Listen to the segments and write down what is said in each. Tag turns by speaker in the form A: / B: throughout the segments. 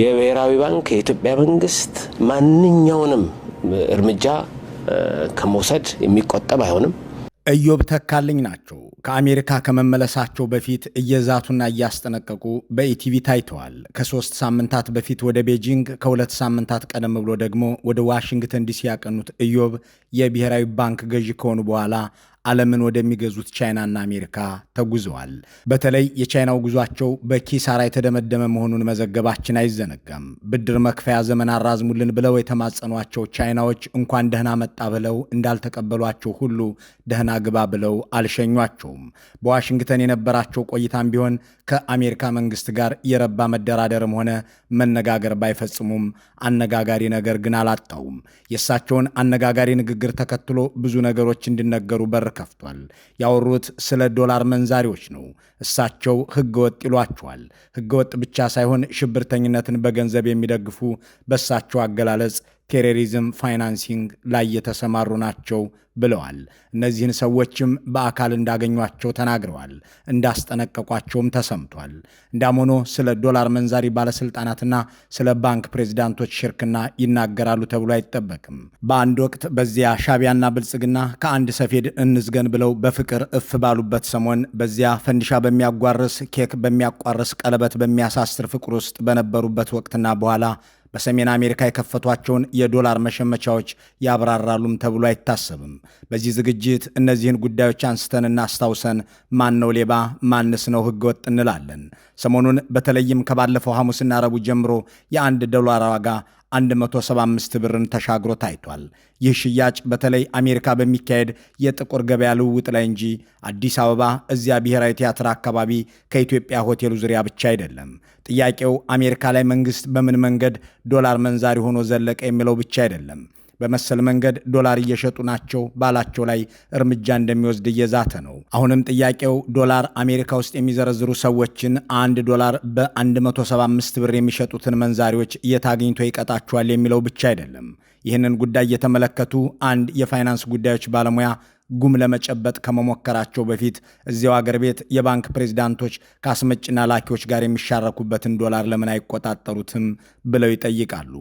A: የብሔራዊ ባንክ የኢትዮጵያ መንግስት ማንኛውንም እርምጃ ከመውሰድ የሚቆጠብ አይሆንም።
B: እዮብ ተካልኝ ናቸው። ከአሜሪካ ከመመለሳቸው በፊት እየዛቱና እያስጠነቀቁ በኢቲቪ ታይተዋል። ከሶስት ሳምንታት በፊት ወደ ቤጂንግ፣ ከሁለት ሳምንታት ቀደም ብሎ ደግሞ ወደ ዋሽንግተን ዲሲ ያቀኑት እዮብ የብሔራዊ ባንክ ገዢ ከሆኑ በኋላ ዓለምን ወደሚገዙት ቻይናና አሜሪካ ተጉዘዋል። በተለይ የቻይናው ጉዟቸው በኪሳራ የተደመደመ መሆኑን መዘገባችን አይዘነጋም። ብድር መክፈያ ዘመን አራዝሙልን ብለው የተማጸኗቸው ቻይናዎች እንኳን ደህና መጣ ብለው እንዳልተቀበሏቸው ሁሉ ደህና ግባ ብለው አልሸኟቸውም። በዋሽንግተን የነበራቸው ቆይታም ቢሆን ከአሜሪካ መንግስት ጋር የረባ መደራደርም ሆነ መነጋገር ባይፈጽሙም አነጋጋሪ ነገር ግን አላጣውም። የእሳቸውን አነጋጋሪ ንግግር ተከትሎ ብዙ ነገሮች እንዲነገሩ በር ከፍቷል። ያወሩት ስለ ዶላር መንዛሪዎች ነው። እሳቸው ህገወጥ ይሏቸዋል። ህገወጥ ብቻ ሳይሆን ሽብርተኝነትን በገንዘብ የሚደግፉ በእሳቸው አገላለጽ ቴሮሪዝም ፋይናንሲንግ ላይ የተሰማሩ ናቸው ብለዋል። እነዚህን ሰዎችም በአካል እንዳገኟቸው ተናግረዋል፣ እንዳስጠነቀቋቸውም ተሰምቷል። እንዳም ሆኖ ስለ ዶላር መንዛሪ ባለስልጣናትና ስለ ባንክ ፕሬዚዳንቶች ሽርክና ይናገራሉ ተብሎ አይጠበቅም። በአንድ ወቅት በዚያ ሻቢያና ብልጽግና ከአንድ ሰፌድ እንዝገን ብለው በፍቅር እፍ ባሉበት ሰሞን በዚያ ፈንዲሻ በሚያጓርስ ኬክ በሚያቋርስ ቀለበት በሚያሳስር ፍቅር ውስጥ በነበሩበት ወቅትና በኋላ በሰሜን አሜሪካ የከፈቷቸውን የዶላር መሸመቻዎች ያብራራሉም ተብሎ አይታሰብም። በዚህ ዝግጅት እነዚህን ጉዳዮች አንስተንና አስታውሰን ማን ነው ሌባ፣ ማንስ ነው ህገወጥ እንላለን። ሰሞኑን በተለይም ከባለፈው ሐሙስና ረቡዕ ጀምሮ የአንድ ዶላር ዋጋ 175 ብርን ተሻግሮ ታይቷል። ይህ ሽያጭ በተለይ አሜሪካ በሚካሄድ የጥቁር ገበያ ልውውጥ ላይ እንጂ አዲስ አበባ እዚያ ብሔራዊ ቲያትር አካባቢ ከኢትዮጵያ ሆቴሉ ዙሪያ ብቻ አይደለም። ጥያቄው አሜሪካ ላይ መንግስት በምን መንገድ ዶላር መንዛሪ ሆኖ ዘለቀ የሚለው ብቻ አይደለም። በመሰል መንገድ ዶላር እየሸጡ ናቸው ባላቸው ላይ እርምጃ እንደሚወስድ እየዛተ ነው። አሁንም ጥያቄው ዶላር አሜሪካ ውስጥ የሚዘረዝሩ ሰዎችን አንድ ዶላር በ175 ብር የሚሸጡትን መንዛሪዎች የት አግኝቶ ይቀጣቸዋል የሚለው ብቻ አይደለም። ይህንን ጉዳይ እየተመለከቱ አንድ የፋይናንስ ጉዳዮች ባለሙያ ጉም ለመጨበጥ ከመሞከራቸው በፊት እዚያው አገር ቤት የባንክ ፕሬዚዳንቶች ከአስመጭና ላኪዎች ጋር የሚሻረኩበትን ዶላር ለምን አይቆጣጠሩትም ብለው ይጠይቃሉ።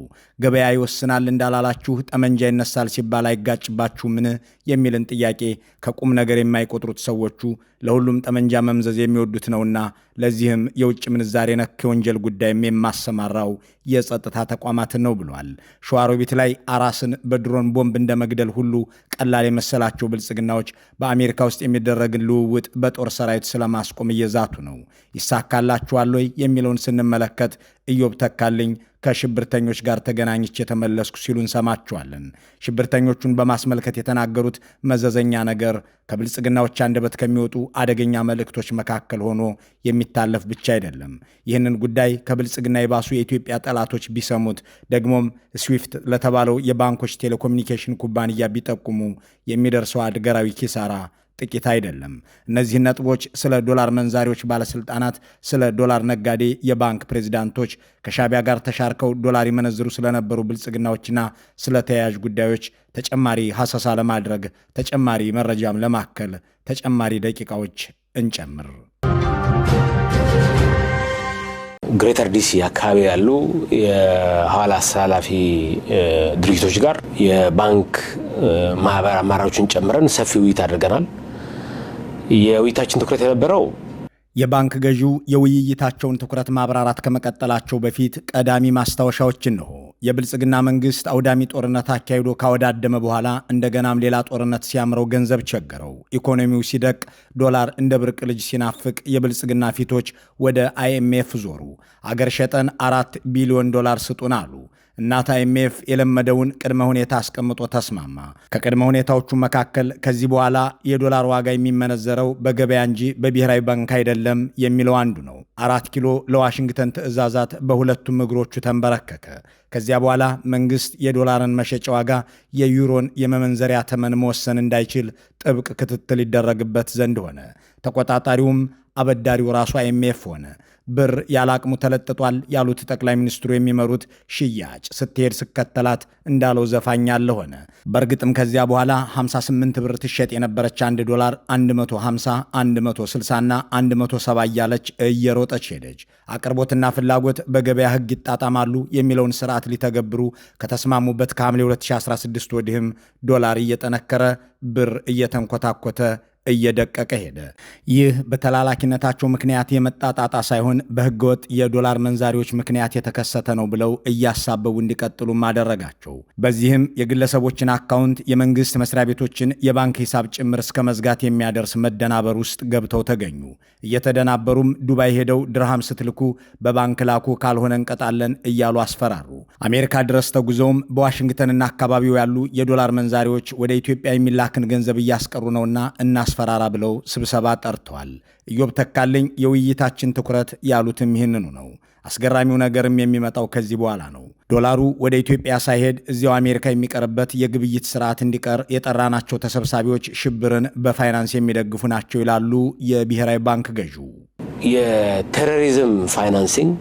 B: ገበያ ይወስናል እንዳላላችሁ ጠመንጃ ይነሳል ሲባል አይጋጭባችሁ ምን የሚልን ጥያቄ ከቁም ነገር የማይቆጥሩት ሰዎቹ ለሁሉም ጠመንጃ መምዘዝ የሚወዱት ነውና ለዚህም የውጭ ምንዛሬ ነክ ወንጀል ጉዳይም የማሰማራው የጸጥታ ተቋማትን ነው ብሏል። ሸዋሮቢት ላይ አራስን በድሮን ቦምብ እንደ መግደል ሁሉ ቀላል የመሰላቸው ብልጽግናዎች በአሜሪካ ውስጥ የሚደረግን ልውውጥ በጦር ሰራዊት ስለማስቆም እየዛቱ ነው። ይሳካላችኋል ወይ የሚለውን ስንመለከት ኢዮብ ተካልኝ ከሽብርተኞች ጋር ተገናኝች የተመለስኩ ሲሉ እንሰማቸዋለን። ሽብርተኞቹን በማስመልከት የተናገሩት መዘዘኛ ነገር ከብልጽግናዎች አንደበት ከሚወጡ አደገኛ መልእክቶች መካከል ሆኖ የሚታለፍ ብቻ አይደለም። ይህንን ጉዳይ ከብልጽግና የባሱ የኢትዮጵያ ጠላቶች ቢሰሙት፣ ደግሞም ስዊፍት ለተባለው የባንኮች ቴሌኮሚኒኬሽን ኩባንያ ቢጠቁሙ የሚደርሰው አድገራዊ ኪሳራ ጥቂት አይደለም። እነዚህ ነጥቦች ስለ ዶላር መንዛሪዎች ባለስልጣናት፣ ስለ ዶላር ነጋዴ የባንክ ፕሬዚዳንቶች፣ ከሻቢያ ጋር ተሻርከው ዶላር ይመነዝሩ ስለነበሩ ብልጽግናዎችና ስለ ተያያዥ ጉዳዮች ተጨማሪ ሐሰሳ ለማድረግ ተጨማሪ መረጃም ለማከል ተጨማሪ ደቂቃዎች እንጨምር።
A: ግሬተር ዲሲ አካባቢ ያሉ የሀዋላ አስተላላፊ ድርጅቶች ጋር የባንክ ማህበር አማራጮችን ጨምረን ሰፊ ውይይት አድርገናል። የውይይታችን ትኩረት የነበረው
B: የባንክ ገዢው የውይይታቸውን ትኩረት ማብራራት ከመቀጠላቸው በፊት ቀዳሚ ማስታወሻዎችን ነው። የብልጽግና መንግስት አውዳሚ ጦርነት አካሂዶ ካወዳደመ በኋላ እንደገናም ሌላ ጦርነት ሲያምረው ገንዘብ ቸገረው፣ ኢኮኖሚው ሲደቅ ዶላር እንደ ብርቅ ልጅ ሲናፍቅ የብልጽግና ፊቶች ወደ አይኤምኤፍ ዞሩ። አገር ሸጠን አራት ቢሊዮን ዶላር ስጡን አሉ። እናት አይኤምኤፍ የለመደውን ቅድመ ሁኔታ አስቀምጦ ተስማማ። ከቅድመ ሁኔታዎቹ መካከል ከዚህ በኋላ የዶላር ዋጋ የሚመነዘረው በገበያ እንጂ በብሔራዊ ባንክ አይደለም የሚለው አንዱ ነው። አራት ኪሎ ለዋሽንግተን ትዕዛዛት በሁለቱም እግሮቹ ተንበረከከ። ከዚያ በኋላ መንግስት የዶላርን መሸጫ ዋጋ፣ የዩሮን የመመንዘሪያ ተመን መወሰን እንዳይችል ጥብቅ ክትትል ይደረግበት ዘንድ ሆነ። ተቆጣጣሪውም አበዳሪው ራሱ አይኤምኤፍ ሆነ። ብር ያላቅሙ ተለጥጧል ያሉት ጠቅላይ ሚኒስትሩ የሚመሩት ሽያጭ ስትሄድ ስከተላት እንዳለው ዘፋኝ ያለ ሆነ። በእርግጥም ከዚያ በኋላ 58 ብር ትሸጥ የነበረች 1 ዶላር 150፣ 160 ና 170 እያለች እየሮጠች ሄደች። አቅርቦትና ፍላጎት በገበያ ሕግ ይጣጣማሉ የሚለውን ስርዓት ሊተገብሩ ከተስማሙበት ከሐምሌ 2016 ወዲህም ዶላር እየጠነከረ ብር እየተንኮታኮተ እየደቀቀ ሄደ። ይህ በተላላኪነታቸው ምክንያት የመጣ ጣጣ ሳይሆን በህገወጥ የዶላር መንዛሪዎች ምክንያት የተከሰተ ነው ብለው እያሳበቡ እንዲቀጥሉም አደረጋቸው። በዚህም የግለሰቦችን አካውንት፣ የመንግስት መስሪያ ቤቶችን የባንክ ሂሳብ ጭምር እስከ መዝጋት የሚያደርስ መደናበር ውስጥ ገብተው ተገኙ። እየተደናበሩም ዱባይ ሄደው ድርሃም ስትልኩ በባንክ ላኩ፣ ካልሆነ እንቀጣለን እያሉ አስፈራሩ። አሜሪካ ድረስ ተጉዘውም በዋሽንግተንና አካባቢው ያሉ የዶላር መንዛሪዎች ወደ ኢትዮጵያ የሚላክን ገንዘብ እያስቀሩ ነውና እናስ አስፈራራ ብለው ስብሰባ ጠርተዋል። ኢዮብ ተካልኝ የውይይታችን ትኩረት ያሉትም ይህንኑ ነው። አስገራሚው ነገርም የሚመጣው ከዚህ በኋላ ነው። ዶላሩ ወደ ኢትዮጵያ ሳይሄድ እዚያው አሜሪካ የሚቀርበት የግብይት ስርዓት እንዲቀር የጠራናቸው ተሰብሳቢዎች ሽብርን በፋይናንስ የሚደግፉ ናቸው ይላሉ የብሔራዊ ባንክ ገዢው።
A: የቴሮሪዝም ፋይናንሲንግ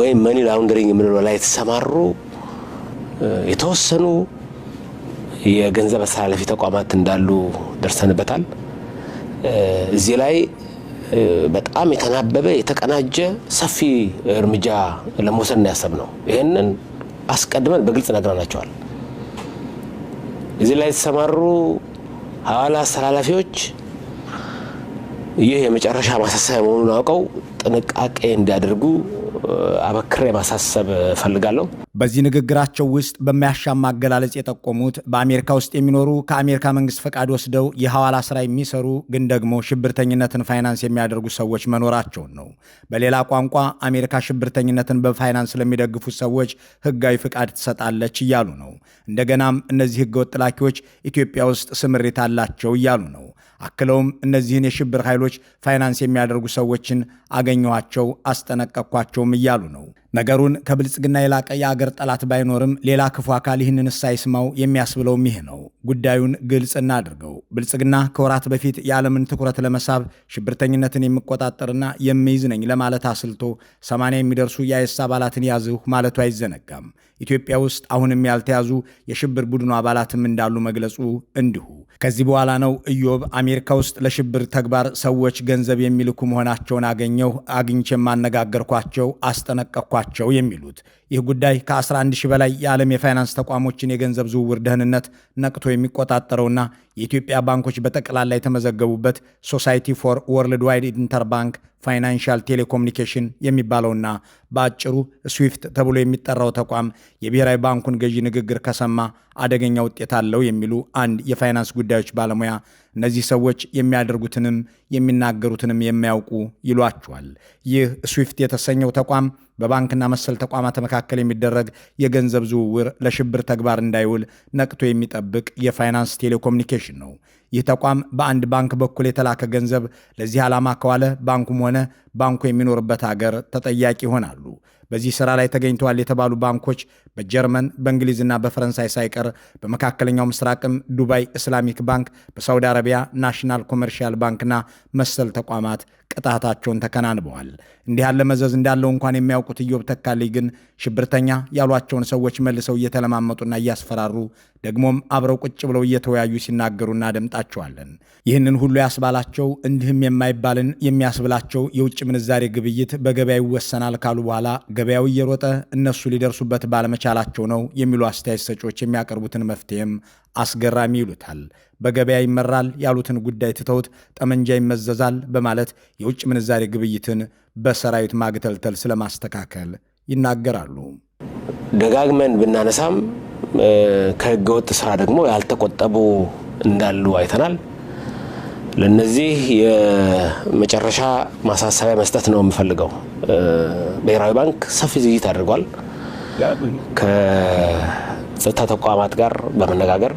A: ወይም መኒ ላውንደሪንግ የምንለው ላይ የተሰማሩ የተወሰኑ የገንዘብ አስተላላፊ ተቋማት እንዳሉ ደርሰንበታል። እዚህ ላይ በጣም የተናበበ የተቀናጀ ሰፊ እርምጃ ለመውሰድ ነው ይህንን አስቀድመን በግልጽ ነግረናቸዋል። እዚህ ላይ የተሰማሩ ሐዋላ አስተላላፊዎች ይህ የመጨረሻ ማሳሰቢያ መሆኑን አውቀው ጥንቃቄ እንዲያደርጉ አበክሬ ማሳሰብ እፈልጋለሁ።
B: በዚህ ንግግራቸው ውስጥ በሚያሻማ አገላለጽ የጠቆሙት በአሜሪካ ውስጥ የሚኖሩ ከአሜሪካ መንግስት ፈቃድ ወስደው የሐዋላ ስራ የሚሰሩ ግን ደግሞ ሽብርተኝነትን ፋይናንስ የሚያደርጉ ሰዎች መኖራቸውን ነው። በሌላ ቋንቋ አሜሪካ ሽብርተኝነትን በፋይናንስ ለሚደግፉ ሰዎች ህጋዊ ፍቃድ ትሰጣለች እያሉ ነው። እንደገናም እነዚህ ህገወጥ ላኪዎች ኢትዮጵያ ውስጥ ስምሪት አላቸው እያሉ ነው። አክለውም እነዚህን የሽብር ኃይሎች ፋይናንስ የሚያደርጉ ሰዎችን አገኘኋቸው፣ አስጠነቀቅኳቸውም እያሉ ነው። ነገሩን ከብልጽግና የላቀ የአገር ጠላት ባይኖርም ሌላ ክፉ አካል ይህንን ሳይስማው የሚያስብለውም ይህ ነው። ጉዳዩን ግልጽ እናድርገው። ብልጽግና ከወራት በፊት የዓለምን ትኩረት ለመሳብ ሽብርተኝነትን የሚቆጣጠርና የሚይዝ ነኝ ለማለት አስልቶ ሰማንያ የሚደርሱ የአይስ አባላትን ያዝሁ ማለቱ አይዘነጋም። ኢትዮጵያ ውስጥ አሁንም ያልተያዙ የሽብር ቡድኑ አባላትም እንዳሉ መግለጹ እንዲሁ። ከዚህ በኋላ ነው ኢዮብ አሜሪካ ውስጥ ለሽብር ተግባር ሰዎች ገንዘብ የሚልኩ መሆናቸውን አገኘሁ፣ አግኝቼ ማነጋገርኳቸው፣ አስጠነቀቅኳቸው ናቸው የሚሉት ይህ ጉዳይ ከ11 ሺህ በላይ የዓለም የፋይናንስ ተቋሞችን የገንዘብ ዝውውር ደህንነት ነቅቶ የሚቆጣጠረውና የኢትዮጵያ ባንኮች በጠቅላላ የተመዘገቡበት ሶሳይቲ ፎር ወርልድ ዋይድ ኢንተርባንክ ፋይናንሻል ቴሌኮሙኒኬሽን የሚባለውና በአጭሩ ስዊፍት ተብሎ የሚጠራው ተቋም የብሔራዊ ባንኩን ገዢ ንግግር ከሰማ አደገኛ ውጤት አለው የሚሉ አንድ የፋይናንስ ጉዳዮች ባለሙያ እነዚህ ሰዎች የሚያደርጉትንም የሚናገሩትንም የሚያውቁ ይሏቸዋል። ይህ ስዊፍት የተሰኘው ተቋም በባንክና መሰል ተቋማት መካከል መካከል የሚደረግ የገንዘብ ዝውውር ለሽብር ተግባር እንዳይውል ነቅቶ የሚጠብቅ የፋይናንስ ቴሌኮሙኒኬሽን ነው። ይህ ተቋም በአንድ ባንክ በኩል የተላከ ገንዘብ ለዚህ ዓላማ ከዋለ ባንኩም ሆነ ባንኩ የሚኖርበት አገር ተጠያቂ ይሆናሉ። በዚህ ስራ ላይ ተገኝተዋል የተባሉ ባንኮች በጀርመን በእንግሊዝና በፈረንሳይ ሳይቀር በመካከለኛው ምስራቅም ዱባይ እስላሚክ ባንክ፣ በሳውዲ አረቢያ ናሽናል ኮመርሻል ባንክና መሰል ተቋማት ቅጣታቸውን ተከናንበዋል። እንዲህ ያለ መዘዝ እንዳለው እንኳን የሚያውቁት እዮብ ተካልኝ ግን ሽብርተኛ ያሏቸውን ሰዎች መልሰው እየተለማመጡና እያስፈራሩ ደግሞም አብረው ቁጭ ብለው እየተወያዩ ሲናገሩ እናደምጣቸዋለን። ይህንን ሁሉ ያስባላቸው እንዲህም የማይባልን የሚያስብላቸው የውጭ ምንዛሬ ግብይት በገበያ ይወሰናል ካሉ በኋላ ገበያው እየሮጠ እነሱ ሊደርሱበት ባለመቻላቸው ነው የሚሉ አስተያየት ሰጪዎች የሚያቀርቡትን መፍትሄም አስገራሚ ይሉታል። በገበያ ይመራል ያሉትን ጉዳይ ትተውት ጠመንጃ ይመዘዛል በማለት የውጭ ምንዛሬ ግብይትን በሰራዊት ማግተልተል ስለማስተካከል ይናገራሉ።
A: ደጋግመን ብናነሳም ከህገወጥ ስራ ደግሞ ያልተቆጠቡ እንዳሉ አይተናል። ለነዚህ የመጨረሻ ማሳሰቢያ መስጠት ነው የምፈልገው። ብሔራዊ ባንክ ሰፊ ዝግጅት አድርጓል። ከጸጥታ ተቋማት ጋር በመነጋገር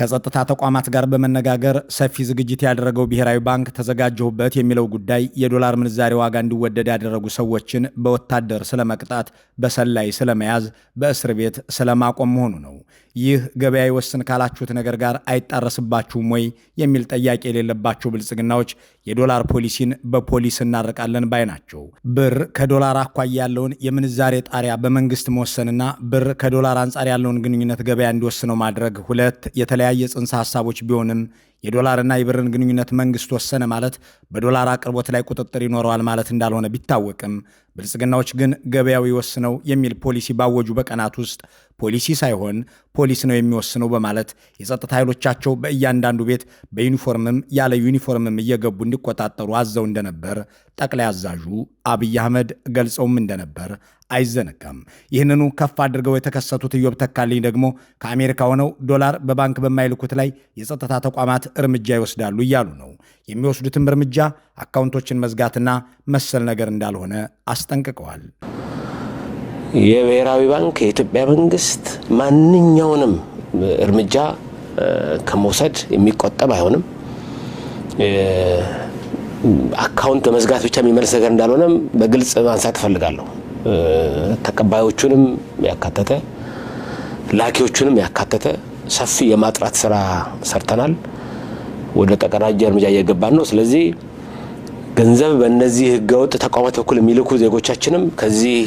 B: ከጸጥታ ተቋማት ጋር በመነጋገር ሰፊ ዝግጅት ያደረገው ብሔራዊ ባንክ ተዘጋጀሁበት የሚለው ጉዳይ የዶላር ምንዛሬ ዋጋ እንዲወደድ ያደረጉ ሰዎችን በወታደር ስለመቅጣት፣ በሰላይ ስለመያዝ፣ በእስር ቤት ስለማቆም መሆኑ ነው። ይህ ገበያ ይወስን ካላችሁት ነገር ጋር አይጣረስባችሁም ወይ የሚል ጥያቄ የሌለባቸው ብልጽግናዎች የዶላር ፖሊሲን በፖሊስ እናርቃለን ባይ ናቸው። ብር ከዶላር አኳያ ያለውን የምንዛሬ ጣሪያ በመንግስት መወሰንና ብር ከዶላር አንጻር ያለውን ግንኙነት ገበያ እንዲወስነው ማድረግ ሁለት የተለያየ ጽንሰ ሀሳቦች ቢሆንም የዶላርና የብርን ግንኙነት መንግስት ወሰነ ማለት በዶላር አቅርቦት ላይ ቁጥጥር ይኖረዋል ማለት እንዳልሆነ ቢታወቅም ብልጽግናዎች ግን ገበያው ይወስነው የሚል ፖሊሲ ባወጁ በቀናት ውስጥ ፖሊሲ ሳይሆን ፖሊስ ነው የሚወስነው በማለት የጸጥታ ኃይሎቻቸው በእያንዳንዱ ቤት በዩኒፎርምም ያለ ዩኒፎርምም እየገቡ እንዲቆጣጠሩ አዘው እንደነበር ጠቅላይ አዛዡ አብይ አህመድ ገልጸውም እንደነበር አይዘነጋም። ይህንኑ ከፍ አድርገው የተከሰቱት ኢዮብ ተካልኝ ደግሞ ከአሜሪካ ሆነው ዶላር በባንክ በማይልኩት ላይ የጸጥታ ተቋማት እርምጃ ይወስዳሉ እያሉ ነው። የሚወስዱትም እርምጃ አካውንቶችን መዝጋትና መሰል ነገር እንዳልሆነ አስጠንቅቀዋል።
A: የብሔራዊ ባንክ የኢትዮጵያ መንግስት ማንኛውንም እርምጃ ከመውሰድ የሚቆጠብ አይሆንም። አካውንት በመዝጋት ብቻ የሚመልስ ነገር እንዳልሆነም በግልጽ ማንሳት እፈልጋለሁ። ተቀባዮቹንም ያካተተ ላኪዎቹንም ያካተተ ሰፊ የማጥራት ስራ ሰርተናል። ወደ ተቀናጀ እርምጃ እየገባን ነው። ስለዚህ ገንዘብ በእነዚህ ህገወጥ ተቋማት በኩል የሚልኩ ዜጎቻችንም ከዚህ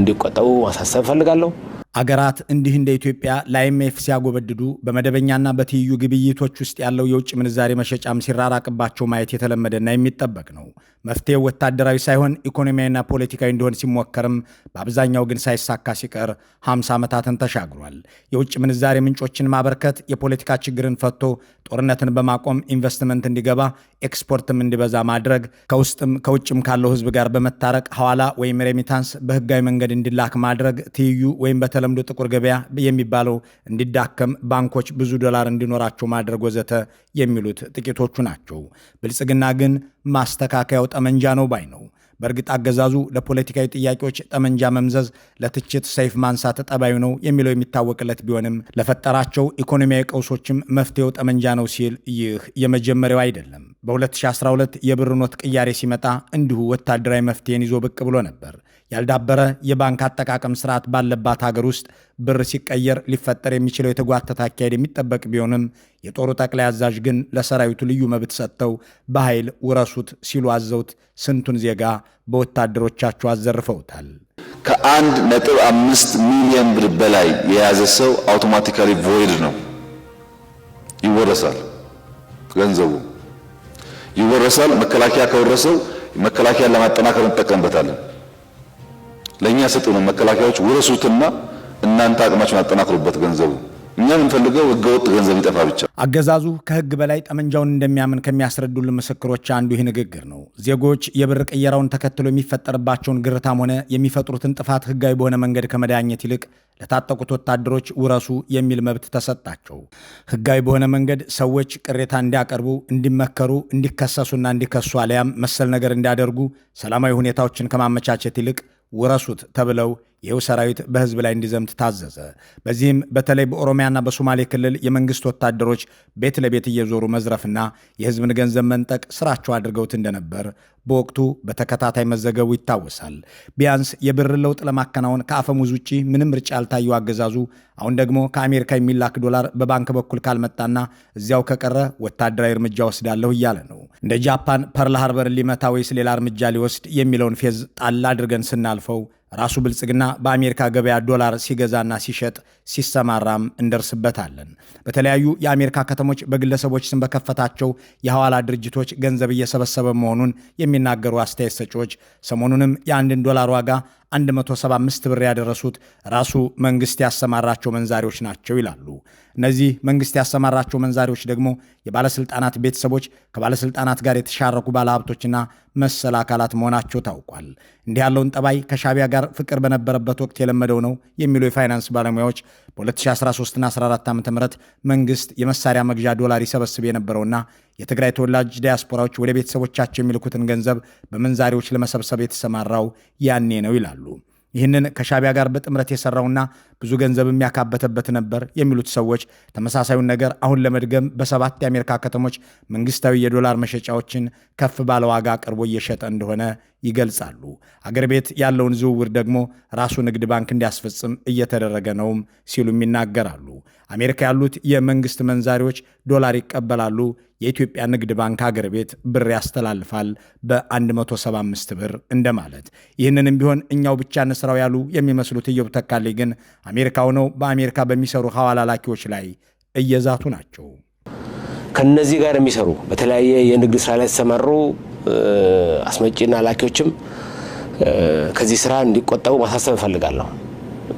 A: እንዲቆጠቡ ማሳሰብ እፈልጋለሁ።
B: አገራት እንዲህ እንደ ኢትዮጵያ ለአይኤምኤፍ ሲያጎበድዱ በመደበኛና በትይዩ ግብይቶች ውስጥ ያለው የውጭ ምንዛሬ መሸጫም ሲራራቅባቸው ማየት የተለመደና የሚጠበቅ ነው። መፍትሄው ወታደራዊ ሳይሆን ኢኮኖሚያዊና ፖለቲካዊ እንዲሆን ሲሞከርም በአብዛኛው ግን ሳይሳካ ሲቀር 50 ዓመታትን ተሻግሯል። የውጭ ምንዛሬ ምንጮችን ማበርከት የፖለቲካ ችግርን ፈቶ ጦርነትን በማቆም ኢንቨስትመንት እንዲገባ ኤክስፖርትም እንዲበዛ ማድረግ፣ ከውስጥም ከውጭም ካለው ህዝብ ጋር በመታረቅ ሐዋላ ወይም ሬሚታንስ በህጋዊ መንገድ እንዲላክ ማድረግ፣ ትይዩ ወይም በተለምዶ ጥቁር ገበያ የሚባለው እንዲዳከም፣ ባንኮች ብዙ ዶላር እንዲኖራቸው ማድረግ ወዘተ የሚሉት ጥቂቶቹ ናቸው። ብልጽግና ግን ማስተካከያው ጠመንጃ ነው ባይ ነው። በእርግጥ አገዛዙ ለፖለቲካዊ ጥያቄዎች ጠመንጃ መምዘዝ፣ ለትችት ሰይፍ ማንሳት ጠባዩ ነው የሚለው የሚታወቅለት ቢሆንም ለፈጠራቸው ኢኮኖሚያዊ ቀውሶችም መፍትሄው ጠመንጃ ነው ሲል ይህ የመጀመሪያው አይደለም። በ2012 የብር ኖት ቅያሬ ሲመጣ እንዲሁ ወታደራዊ መፍትሄን ይዞ ብቅ ብሎ ነበር። ያልዳበረ የባንክ አጠቃቀም ስርዓት ባለባት ሀገር ውስጥ ብር ሲቀየር ሊፈጠር የሚችለው የተጓተተ አካሄድ የሚጠበቅ ቢሆንም የጦሩ ጠቅላይ አዛዥ ግን ለሰራዊቱ ልዩ መብት ሰጥተው በኃይል ውረሱት ሲሉ አዘውት ስንቱን ዜጋ በወታደሮቻቸው አዘርፈውታል።
A: ከአንድ ነጥብ አምስት ሚሊዮን ብር በላይ የያዘ ሰው አውቶማቲካሊ ቮይድ ነው፣ ይወረሳል። ገንዘቡ ይወረሳል። መከላከያ ከወረሰው መከላከያን ለማጠናከር እንጠቀምበታለን። ለእኛ ሰጡ ነው። መከላከያዎች ውረሱትና እናንተ አቅማችሁን አጠናክሩበት ገንዘቡ እኛ የምንፈልገው ህገወጥ ገንዘብ ይጠፋ ብቻ።
B: አገዛዙ ከህግ በላይ ጠመንጃውን እንደሚያምን ከሚያስረዱልን ምስክሮች አንዱ ይህ ንግግር ነው። ዜጎች የብር ቅየራውን ተከትሎ የሚፈጠርባቸውን ግርታም ሆነ የሚፈጥሩትን ጥፋት ህጋዊ በሆነ መንገድ ከመዳኘት ይልቅ ለታጠቁት ወታደሮች ውረሱ የሚል መብት ተሰጣቸው። ህጋዊ በሆነ መንገድ ሰዎች ቅሬታ እንዲያቀርቡ፣ እንዲመከሩ፣ እንዲከሰሱና እንዲከሱ አለያም መሰል ነገር እንዲያደርጉ ሰላማዊ ሁኔታዎችን ከማመቻቸት ይልቅ ውረሱት ተብለው ይኸው ሰራዊት በህዝብ ላይ እንዲዘምት ታዘዘ። በዚህም በተለይ በኦሮሚያና በሶማሌ ክልል የመንግስት ወታደሮች ቤት ለቤት እየዞሩ መዝረፍና የህዝብን ገንዘብ መንጠቅ ስራቸው አድርገውት እንደነበር በወቅቱ በተከታታይ መዘገቡ ይታወሳል። ቢያንስ የብር ለውጥ ለማከናወን ከአፈሙዝ ውጭ ምንም ምርጫ ያልታየው አገዛዙ አሁን ደግሞ ከአሜሪካ የሚላክ ዶላር በባንክ በኩል ካልመጣና እዚያው ከቀረ ወታደራዊ እርምጃ ወስዳለሁ እያለ ነው። እንደ ጃፓን ፐርል ሃርበር ሊመታ ወይስ ሌላ እርምጃ ሊወስድ የሚለውን ፌዝ ጣል አድርገን ስናልፈው ራሱ ብልጽግና በአሜሪካ ገበያ ዶላር ሲገዛና ሲሸጥ ሲሰማራም እንደርስበታለን። በተለያዩ የአሜሪካ ከተሞች በግለሰቦች ስም በከፈታቸው የሐዋላ ድርጅቶች ገንዘብ እየሰበሰበ መሆኑን የሚናገሩ አስተያየት ሰጪዎች ሰሞኑንም የአንድን ዶላር ዋጋ 175 ብር ያደረሱት ራሱ መንግስት ያሰማራቸው መንዛሪዎች ናቸው ይላሉ። እነዚህ መንግስት ያሰማራቸው መንዛሪዎች ደግሞ የባለስልጣናት ቤተሰቦች፣ ከባለስልጣናት ጋር የተሻረኩ ባለሀብቶችና መሰል አካላት መሆናቸው ታውቋል። እንዲህ ያለውን ጠባይ ከሻቢያ ጋር ፍቅር በነበረበት ወቅት የለመደው ነው የሚሉ የፋይናንስ ባለሙያዎች በ2013ና 14 ዓ ም መንግስት የመሳሪያ መግዣ ዶላር ይሰበስብ የነበረውና የትግራይ ተወላጅ ዲያስፖራዎች ወደ ቤተሰቦቻቸው የሚልኩትን ገንዘብ በመንዛሪዎች ለመሰብሰብ የተሰማራው ያኔ ነው ይላሉ። ይህንን ከሻቢያ ጋር በጥምረት የሰራውና ብዙ ገንዘብ የሚያካበተበት ነበር የሚሉት ሰዎች ተመሳሳዩን ነገር አሁን ለመድገም በሰባት የአሜሪካ ከተሞች መንግስታዊ የዶላር መሸጫዎችን ከፍ ባለ ዋጋ አቅርቦ እየሸጠ እንደሆነ ይገልጻሉ። አገር ቤት ያለውን ዝውውር ደግሞ ራሱ ንግድ ባንክ እንዲያስፈጽም እየተደረገ ነውም ሲሉም ይናገራሉ። አሜሪካ ያሉት የመንግስት መንዛሪዎች ዶላር ይቀበላሉ። የኢትዮጵያ ንግድ ባንክ አገር ቤት ብር ያስተላልፋል፣ በ175 ብር እንደማለት። ይህንንም ቢሆን እኛው ብቻ ንስራው ያሉ የሚመስሉት ኢዮብ ተካሌ ግን አሜሪካ ሆነው በአሜሪካ በሚሰሩ ሐዋላ ላኪዎች ላይ እየዛቱ ናቸው።
A: ከነዚህ ጋር የሚሰሩ በተለያየ የንግድ ስራ ላይ የተሰማሩ አስመጪና ላኪዎችም ከዚህ ስራ እንዲቆጠቡ ማሳሰብ እፈልጋለሁ።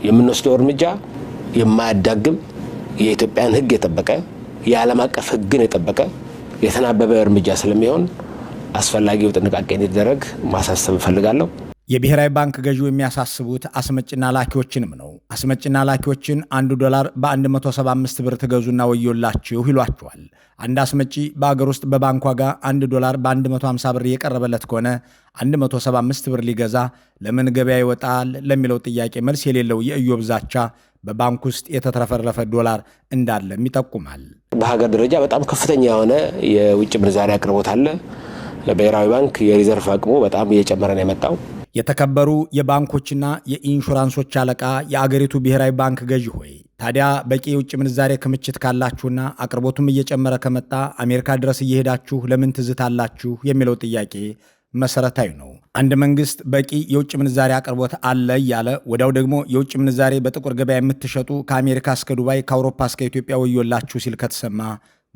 A: የምንወስደው እርምጃ የማያዳግም የኢትዮጵያን ሕግ የጠበቀ የዓለም አቀፍ ሕግን የጠበቀ የተናበበ እርምጃ ስለሚሆን አስፈላጊው ጥንቃቄ እንዲደረግ ማሳሰብ እፈልጋለሁ።
B: የብሔራዊ ባንክ ገዢው የሚያሳስቡት አስመጭና ላኪዎችንም ነው። አስመጭና ላኪዎችን አንዱ ዶላር በ175 ብር ትገዙና ወዮላችሁ ይሏቸዋል። አንድ አስመጪ በአገር ውስጥ በባንክ ዋጋ አንድ ዶላር በ150 ብር የቀረበለት ከሆነ 175 ብር ሊገዛ ለምን ገበያ ይወጣል ለሚለው ጥያቄ መልስ የሌለው የእዮብ ዛቻ በባንክ ውስጥ የተትረፈረፈ ዶላር እንዳለም ይጠቁማል።
A: በሀገር ደረጃ በጣም ከፍተኛ የሆነ የውጭ ምንዛሪ አቅርቦት አለ። ለብሔራዊ ባንክ የሪዘርቭ አቅሙ በጣም እየጨመረ ነው የመጣው
B: የተከበሩ የባንኮችና የኢንሹራንሶች አለቃ የአገሪቱ ብሔራዊ ባንክ ገዢ ሆይ ታዲያ በቂ የውጭ ምንዛሬ ክምችት ካላችሁና አቅርቦቱም እየጨመረ ከመጣ አሜሪካ ድረስ እየሄዳችሁ ለምን ትዝታላችሁ የሚለው ጥያቄ መሰረታዊ ነው። አንድ መንግስት በቂ የውጭ ምንዛሬ አቅርቦት አለ እያለ ወዲያው ደግሞ የውጭ ምንዛሬ በጥቁር ገበያ የምትሸጡ ከአሜሪካ እስከ ዱባይ፣ ከአውሮፓ እስከ ኢትዮጵያ ወዮላችሁ ሲል ከተሰማ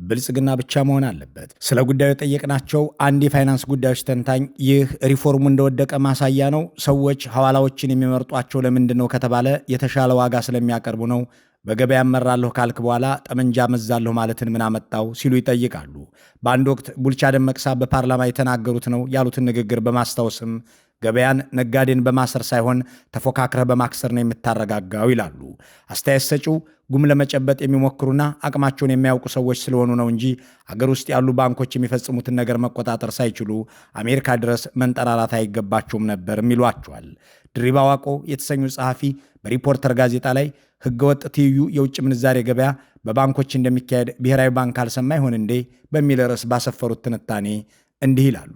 B: ብልጽግና ብቻ መሆን አለበት። ስለ ጉዳዩ የጠየቅናቸው አንድ የፋይናንስ ጉዳዮች ተንታኝ ይህ ሪፎርሙ እንደወደቀ ማሳያ ነው፣ ሰዎች ሐዋላዎችን የሚመርጧቸው ለምንድን ነው ከተባለ የተሻለ ዋጋ ስለሚያቀርቡ ነው በገበያ እመራለሁ ካልክ በኋላ ጠመንጃ መዛለሁ ማለትን ምን አመጣው ሲሉ ይጠይቃሉ። በአንድ ወቅት ቡልቻ ደመቅሳ በፓርላማ የተናገሩት ነው ያሉትን ንግግር በማስታወስም ገበያን ነጋዴን በማሰር ሳይሆን ተፎካክረህ በማክሰር ነው የምታረጋጋው ይላሉ። አስተያየት ሰጪው ጉም ለመጨበጥ የሚሞክሩና አቅማቸውን የሚያውቁ ሰዎች ስለሆኑ ነው እንጂ አገር ውስጥ ያሉ ባንኮች የሚፈጽሙትን ነገር መቆጣጠር ሳይችሉ አሜሪካ ድረስ መንጠራራት አይገባቸውም ነበርም ይሏቸዋል። ድሪባ ዋቆ የተሰኙ ጸሐፊ በሪፖርተር ጋዜጣ ላይ ህገወጥ ትይዩ የውጭ ምንዛሬ ገበያ በባንኮች እንደሚካሄድ ብሔራዊ ባንክ አልሰማ ይሆን እንዴ በሚል ርዕስ ባሰፈሩት ትንታኔ እንዲህ ይላሉ።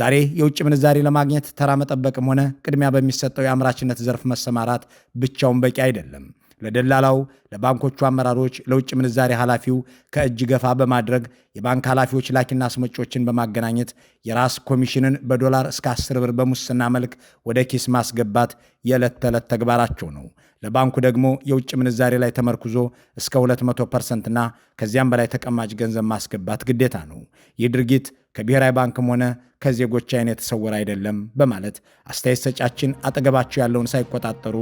B: ዛሬ የውጭ ምንዛሬ ለማግኘት ተራ መጠበቅም ሆነ ቅድሚያ በሚሰጠው የአምራችነት ዘርፍ መሰማራት ብቻውን በቂ አይደለም። ለደላላው፣ ለባንኮቹ አመራሮች፣ ለውጭ ምንዛሬ ኃላፊው ከእጅ ገፋ በማድረግ የባንክ ኃላፊዎች ላኪና አስመጪዎችን በማገናኘት የራስ ኮሚሽንን በዶላር እስከ 10 ብር በሙስና መልክ ወደ ኪስ ማስገባት የዕለት ተዕለት ተግባራቸው ነው። ለባንኩ ደግሞ የውጭ ምንዛሬ ላይ ተመርኩዞ እስከ 200 ፐርሰንትና ከዚያም በላይ ተቀማጭ ገንዘብ ማስገባት ግዴታ ነው። ይህ ድርጊት ከብሔራዊ ባንክም ሆነ ከዜጎች አይን የተሰወረ አይደለም በማለት አስተያየት ሰጫችን አጠገባቸው ያለውን ሳይቆጣጠሩ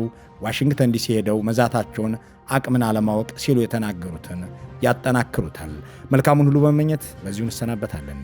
B: ዋሽንግተን ዲሲ ሄደው መዛታቸውን አቅምን አለማወቅ ሲሉ የተናገሩትን ያጠናክሩታል። መልካሙን ሁሉ በመመኘት በዚሁ እንሰናበታለን።